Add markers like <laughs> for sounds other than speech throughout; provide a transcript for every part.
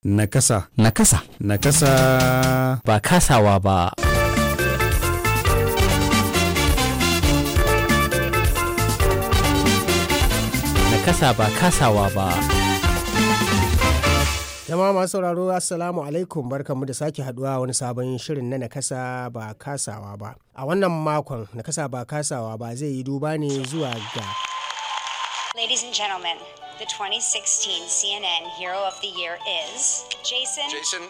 Nakasa. Nakasa. Nakasa. Ba kasawa ba. Nakasa ba kasawa ba. Jama'a masu sauraro Assalamu alaikum barkanmu da sake haduwa wani sabon shirin na nakasa ba kasawa ba. A wannan makon nakasa ba kasawa ba zai yi duba ne zuwa ga Ladies and gentlemen, the 2016 CNN Hero of the Year is Jason, Jason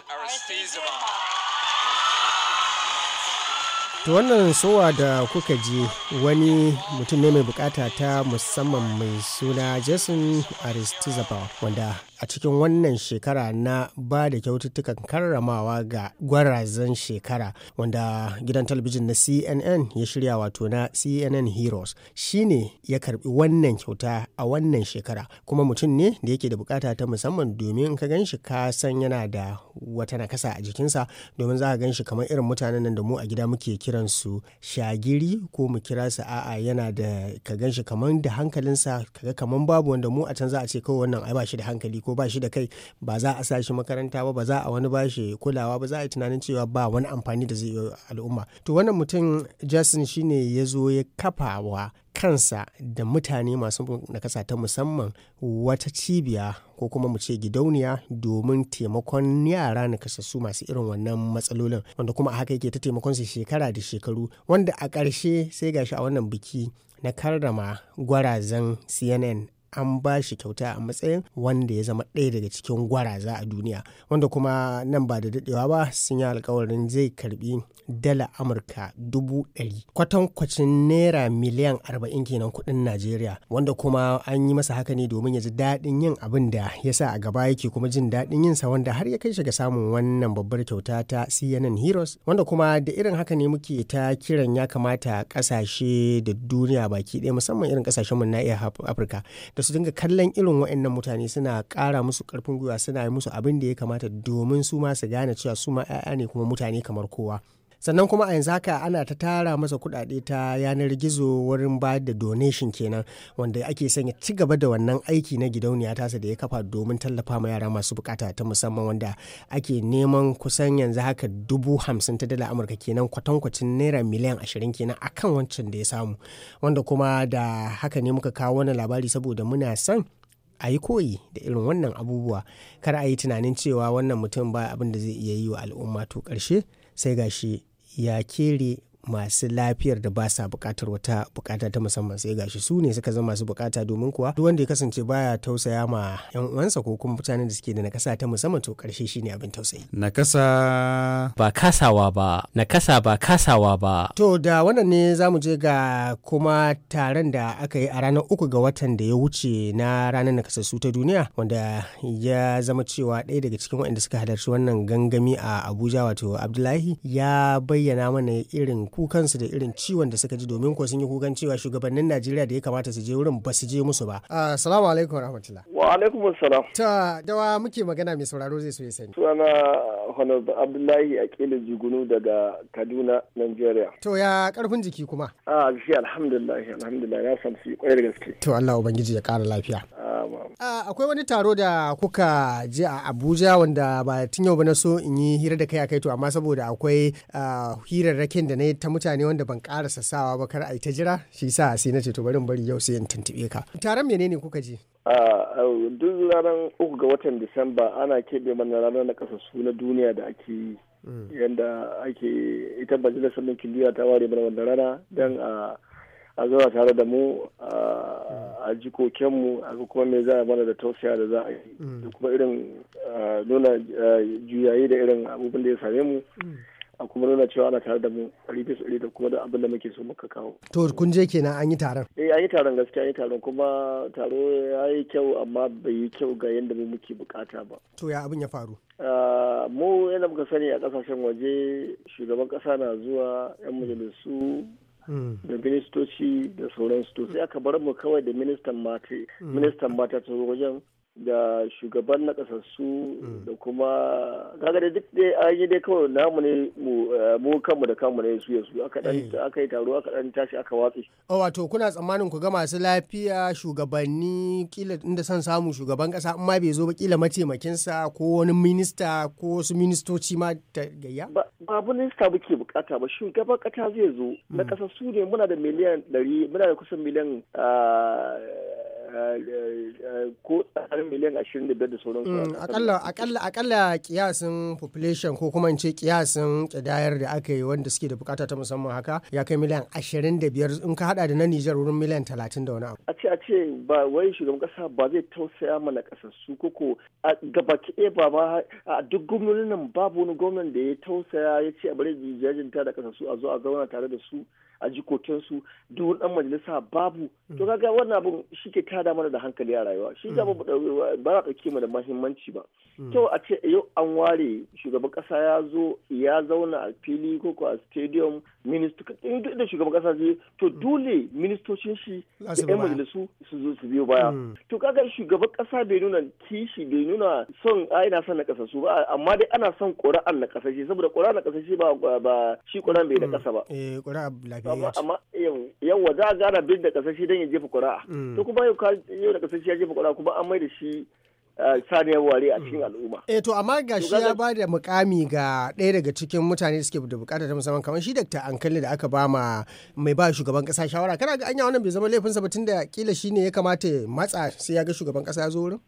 To wannan sowa da kuka ji wani mutum ne mai bukata ta musamman mai suna Jason Aristizabal wanda a cikin wannan shekara na ba da kyaututtukan karramawa ga gwarazan shekara wanda gidan talabijin na cnn ya shirya wato na cnn heroes shine ya karbi wannan kyauta a wannan shekara kuma mutum ne da yake da bukata ta musamman domin ka gan shi ka san yana da wata nakasa a jikinsa domin za ka gan shi kamar irin mutanen nan da mu a gida muke kiran su shagiri ko mu kira su a'a yana da ka gan shi kamar da hankalinsa kaga kamar babu wanda mu a can za a ce kawai wannan ai ba shi da hankali ko ko ba shi da kai ba za a sa shi makaranta ba ba za a wani ba shi kulawa ba za a yi tunanin cewa ba wani amfani da zai yi al'umma to wannan mutum justin shine ya zo ya kafa wa kansa da mutane masu nakasa ta musamman wata cibiya ko kuma mu ce gidauniya domin taimakon yara nakasassu masu irin wannan matsalolin wanda kuma a haka yake ta taimakon su shekara da shekaru wanda a ƙarshe sai gashi a wannan biki na karrama gwarazan cnn an ba shi kyauta a matsayin wanda ya zama ɗaya daga cikin gwaraza a duniya wanda kuma nan ba da daɗewa ba sun yi alkawarin zai karbi dala amurka dubu ɗari kwatankwacin naira miliyan arba'in kenan kuɗin najeriya wanda kuma an yi masa haka ne domin ya ji daɗin yin abin da ya sa a gaba yake kuma jin daɗin yinsa wanda har ya kai shi ga samun wannan babbar kyauta ta cnn heroes wanda kuma da irin haka ne muke ta kiran ya kamata ƙasashe da duniya baki ɗaya musamman irin ƙasashenmu na iya afirka da su dinga kallon irin waɗannan mutane suna ƙara musu ƙarfin gwiwa suna yi musu abin da ya kamata domin su ma su gane cewa su ma 'ya'ya ne kuma mutane kamar kowa sannan kuma a yanzu haka ana ta tara masa kuɗaɗe ta yanar gizo wurin ba da donation kenan wanda ake sanya ci gaba da wannan aiki na gidauniya tasa da ya kafa domin tallafa ma yara masu bukata ta musamman wanda ake neman kusan yanzu haka dubu hamsin ta dala amurka kenan kwatankwacin naira miliyan ashirin kenan akan wancan da ya samu wanda kuma da haka ne muka kawo wani labari saboda muna son a yi koyi da irin wannan abubuwa kar a yi tunanin cewa wannan mutum ba abin da zai iya yi wa al'umma to ƙarshe sai gashi ya akili masu lafiyar da ba sa bukatar wata bukata ta musamman sai gashi su ne suka zama masu bukata domin kuwa duk wanda ya kasance baya tausaya ma yan uwansa ko kuma mutanen da suke da nakasa ta musamman to karshe shine abin tausayi nakasa ba kasawa ba nakasa ba kasawa ba to da wannan ne zamu je ga kuma taron da aka yi a ranar uku ga watan da ya wuce na ranar nakasassu ta duniya wanda ya zama cewa ɗaya daga cikin waɗanda suka halarci wannan gangami a abuja wato abdullahi ya bayyana mana irin kukansu da irin ciwon da suka ji domin ko sun yi kukan cewa shugabannin Najeriya da ya kamata su je wurin ba su je musu ba. Ah, assalamu alaikum rahmatullah. Wa alaikum assalam. Ta dawa muke magana mai sauraro zai so ya sani. Sunana Honor Abdullahi Akilu Jigunu daga Kaduna, Nigeria. To ya karfin jiki kuma? Ah, a shi alhamdulillah alhamdulillah na samsu kwarai da gaske. To Allah ubangiji ya kara lafiya. Ah, akwai wani taro da kuka je a Abuja wanda ba tun yau ba na so in yi hira da kai a kai to amma saboda akwai hirarrakin da na yi ta mutane wanda ban karasa sawa ba kar a yi ta jira shi sa sai na ce to bari bari yau sai in tuntube ka taron menene kuka je duk ranar uku ga watan disamba ana keɓe mana ranar na kasassu na duniya da ake yi mm. yadda ake ita majalisar ɗinkin kiliya ta ware mana wannan rana don a a tare da mu a jikokenmu a kuma me za a mana da tausaya da za a yi mm. da kuma irin nuna juyayi da irin abubuwan da ya same mu mm. a kuma nuna cewa ana tare da mu ɗari bisa da kuma da abin da muke so muka kawo. To kun je kenan an yi taron? Eh an yi taron gaskiya an yi taron kuma taro ya yi kyau amma bai yi kyau ga yadda mu muke bukata ba. To ya abin ya faru? Ah, mu yadda muka sani a kasashen waje shugaban kasa na zuwa 'yan majalisu hmm. da ministoci da sauransu to sai aka bar mu kawai da ministan mata hmm. ministan mata ta wajen da shugaban na kasassu mm. da kuma kaga da duk dai an yi dai kawai namu ne mu eh, kanmu da kanmu ne su su eh. aka yi taro aka dan tashi aka watsi A oh, wato kuna tsammanin ku ga masu lafiya shugabanni kila inda son samu shugaban kasa in ma bai zo ba kila mataimakin sa ko wani minista ko wasu ministoci ma ta gayya ba minista ke bukata ba shugaban kasa zai zo na mm. kasassu ne muna da miliyan ɗari muna da kusan miliyan ah, har miliyan 25 da sauransu. Akalla akalla akalla kiyasin population ko kuma ce kiyasin kidayar da aka yi wanda suke da bukata ta musamman haka ya kai miliyan 25 in ka hada da na Nijar wurin miliyan 30 da wani abu. A ce a ce ba wai shugaban kasa ba zai tausaya mana kasassu ko ko gabaki ɗaya ba ma a duk gwamnonin babu wani gwamnan da ya tausaya ya ce a bari jajinta da kasassu a zo a zauna tare da su. a ji duk wani dan majalisa babu mm. to kaga wannan shi ke tada mana da hankali a rayuwa shi ga mm. ba ba dauke mu da muhimmanci ba mm. to a ce yau an ware shugaban kasa ya zo ya zauna a fili ko ko a stadium minister in duk da shugaban kasa zai to dole ministocin shi da yan majalisu su zo su biyo baya to kaga shugaban kasa bai nuna kishi bai nuna son a' ina son na kasa su ba amma dai ana son ƙura'an na kasa saboda ƙura'an na kasa ba ba shi ƙura'an bai da kasa ba eh ƙura'an lafiya amma yawa za a gara bin da kasashe don ya jefa kuri'a mm. to kuma yau da kasashe ya jefa kuri'a kuma an mai da shi uh, saniyar ware a cikin mm. al'umma. E to amma ga shi ya ba da mukami ga ɗaya daga cikin mutane da suke da bukata ta musamman kamar shi Dr. Ankali da aka ba ma mai ba shugaban kasa shawara kana ga anya wannan bai zama laifinsa ba tunda kila shi ne ya kamata matsa sai ya ga shugaban kasa ya zo wurin?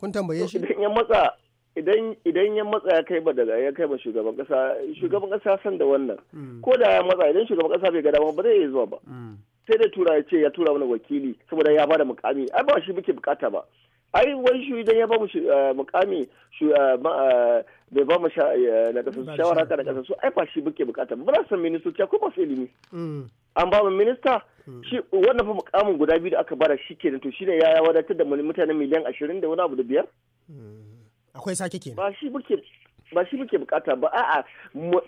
Kun tambaye shi? <laughs> matsa idan ya matsa ya kai ba daga ya kai ba shugaban kasa shugaban kasa san da wannan mm. ko da ya matsa idan shugaban kasa bai gada ba zai iya zuwa ba mm. sai da tura ya ce ya tura mana wakili saboda ya bada mukami ai ba shi muke bukata ba ai wani shi idan ya ba mu eh, mukami eh, eh, bai ba mu na kasa shawara ta da kasa su ai ba shi muke bukata ba ba san ministoci ko ba su ilimi mm. an ba mu minista shi wannan fa mukamin guda biyu da aka bada shi kenan to shine ya wadatar da mutane miliyan ashirin da wani abu da biyar akwai sake kenan ba shi muke ba shi muke bukata ba a'a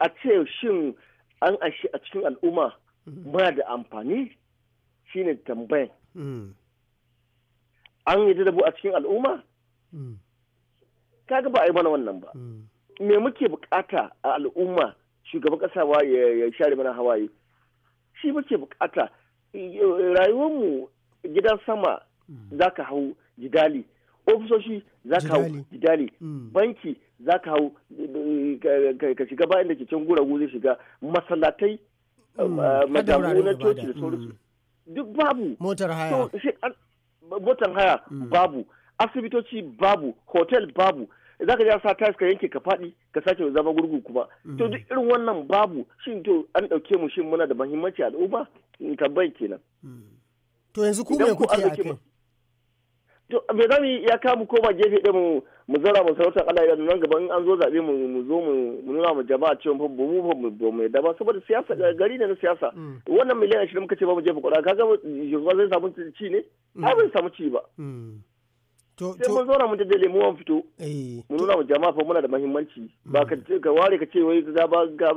a ce shin an ashi a cikin al'umma mm. ba da amfani shine tambayan mm. an yi da a cikin al'umma mm. kaga ba a yi mana wannan ba me muke bukata a al'umma shugaban kasa ya share mana hawaye shi muke bukata mu gidan sama za hau jidali ofisoshi za ka hau jidali mm. banki za ka hau mm, ka shiga bayan da ke can gura zai shiga masallatai mm. madamu na coci da sauransu duk babu motar haya motar haya babu asibitoci babu hotel babu za ka sa tayis ka yanke ka faɗi ka sake zama gurgu kuma to duk irin wannan babu shin to an ɗauke mu shin muna da muhimmanci al'umma tambayin kenan to yanzu ku me kuke a kai to me zamu ya kamu koma gefe ɗin mu zara mu sarautar Allah ya nan gaban an zo zabe mu mu zo mu nuna mu jama'a cewa fa mu fa mu ba mu yadda saboda siyasa gari ne na siyasa mm. wannan miliyan 20 muka ce ba mu jefa kuɗa kaga yanzu zai samu ci ne ba zai mm. samu ci ba mm. sai mun zauna mun da lemu an fito eh, mun nuna mu jama'a fa muna da mahimmanci ba ka mm. ka ware ka ce wai za ba ka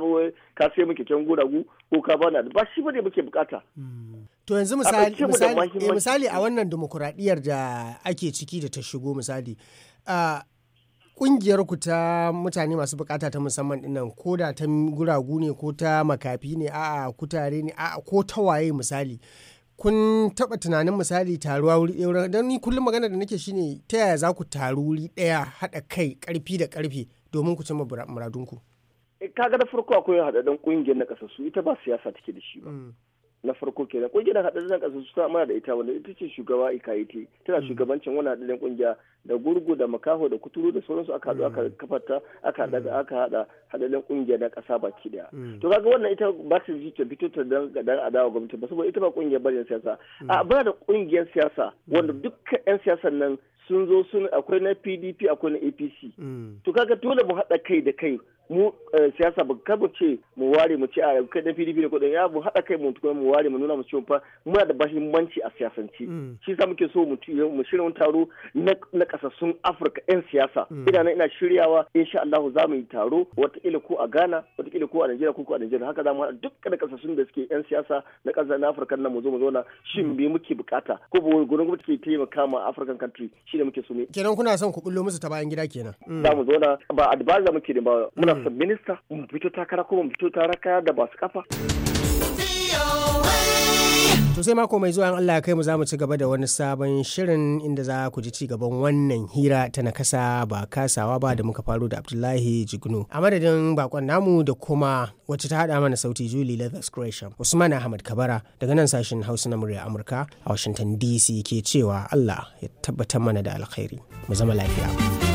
ka sai can keken gu ko ka bana ba shi bane muke bukata mm. to yanzu misali eh, misali a wannan demokuraɗiyar da ake ciki da ta shigo misali kungiyar ku ta mutane masu bukata ta musamman dinnan ko da ta guragu ne ko ta makafi ne a'a kutare ne a'a ko ta waye misali kun taba tunanin misali taruwa wuri ɗaya don ni kullum magana da nake shine ta yaya za ku taru wuri ɗaya haɗa kai ƙarfi da ƙarfi domin ku cimma muradunku. Eh, kaga da farko akwai haɗaɗɗen ƙungiyar na ƙasa su ita ba siyasa take da shi ba. Mm. na farko kenan kungiyar zan ƙasa su samar da ita wanda ita ce shugaba ikaiti tana mm. shugabancin wani haɗaɗɗen kungiya da gurgu da makaho da kuturu da sauransu aka haɗu aka mm. kafata aka haɗa mm. aka haɗa haɗaɗɗen kungiya na ƙasa baki ɗaya to kaga wannan ita ba ta ji ta fito ta dan dan adawa gwamnati ba saboda ita ba kungiyar bari siyasa a ba da kungiyar siyasa wanda dukkan yan siyasan nan sun zo sun akwai na pdp akwai na apc mm. to kaga dole mu haɗa kai da kai mu eh, siyasa ba kar mu ce mu ware mu ce a kai da pdp ne kudin ya mu haɗa kai mu tukuna mu ware mu nuna mu cewa muna da mahimmanci a siyasance mm. shi sa muke so mu shirya wani taro na kasassun afirka yan siyasa mm. ina ina shiryawa insha Allah za mu yi taro ila ko a Ghana ila ko a Najeriya ko ko a Najeriya haka za mu duk dukkan kasassun da suke yan siyasa na ƙasar Afirka nan mu zo mu zo na. shin me muke bukata ko ba gurin gwamnati ke taimaka ma African country shi da muke so kenan kuna son ku bullo musu ta bayan gida kenan mm. za mu zauna ba advisor muke da ba muna mm. son minista mu fito takara ko mu fito takara da basu kafa To sai mako mai zuwa Allah kai mu za mu ci gaba da wani sabon shirin inda za ku ji ci gaban wannan hira ta nakasa ba kasawa ba da muka faru da Abdullahi Jignu. A madadin bakon namu da kuma wacce ta hada mana sauti Julie Leathers Creation Usman Ahmad Kabara daga nan sashen Hausa na murya Amurka a Washington DC ke cewa Allah ya tabbatar mana da alkhairi. Mu zama lafiya.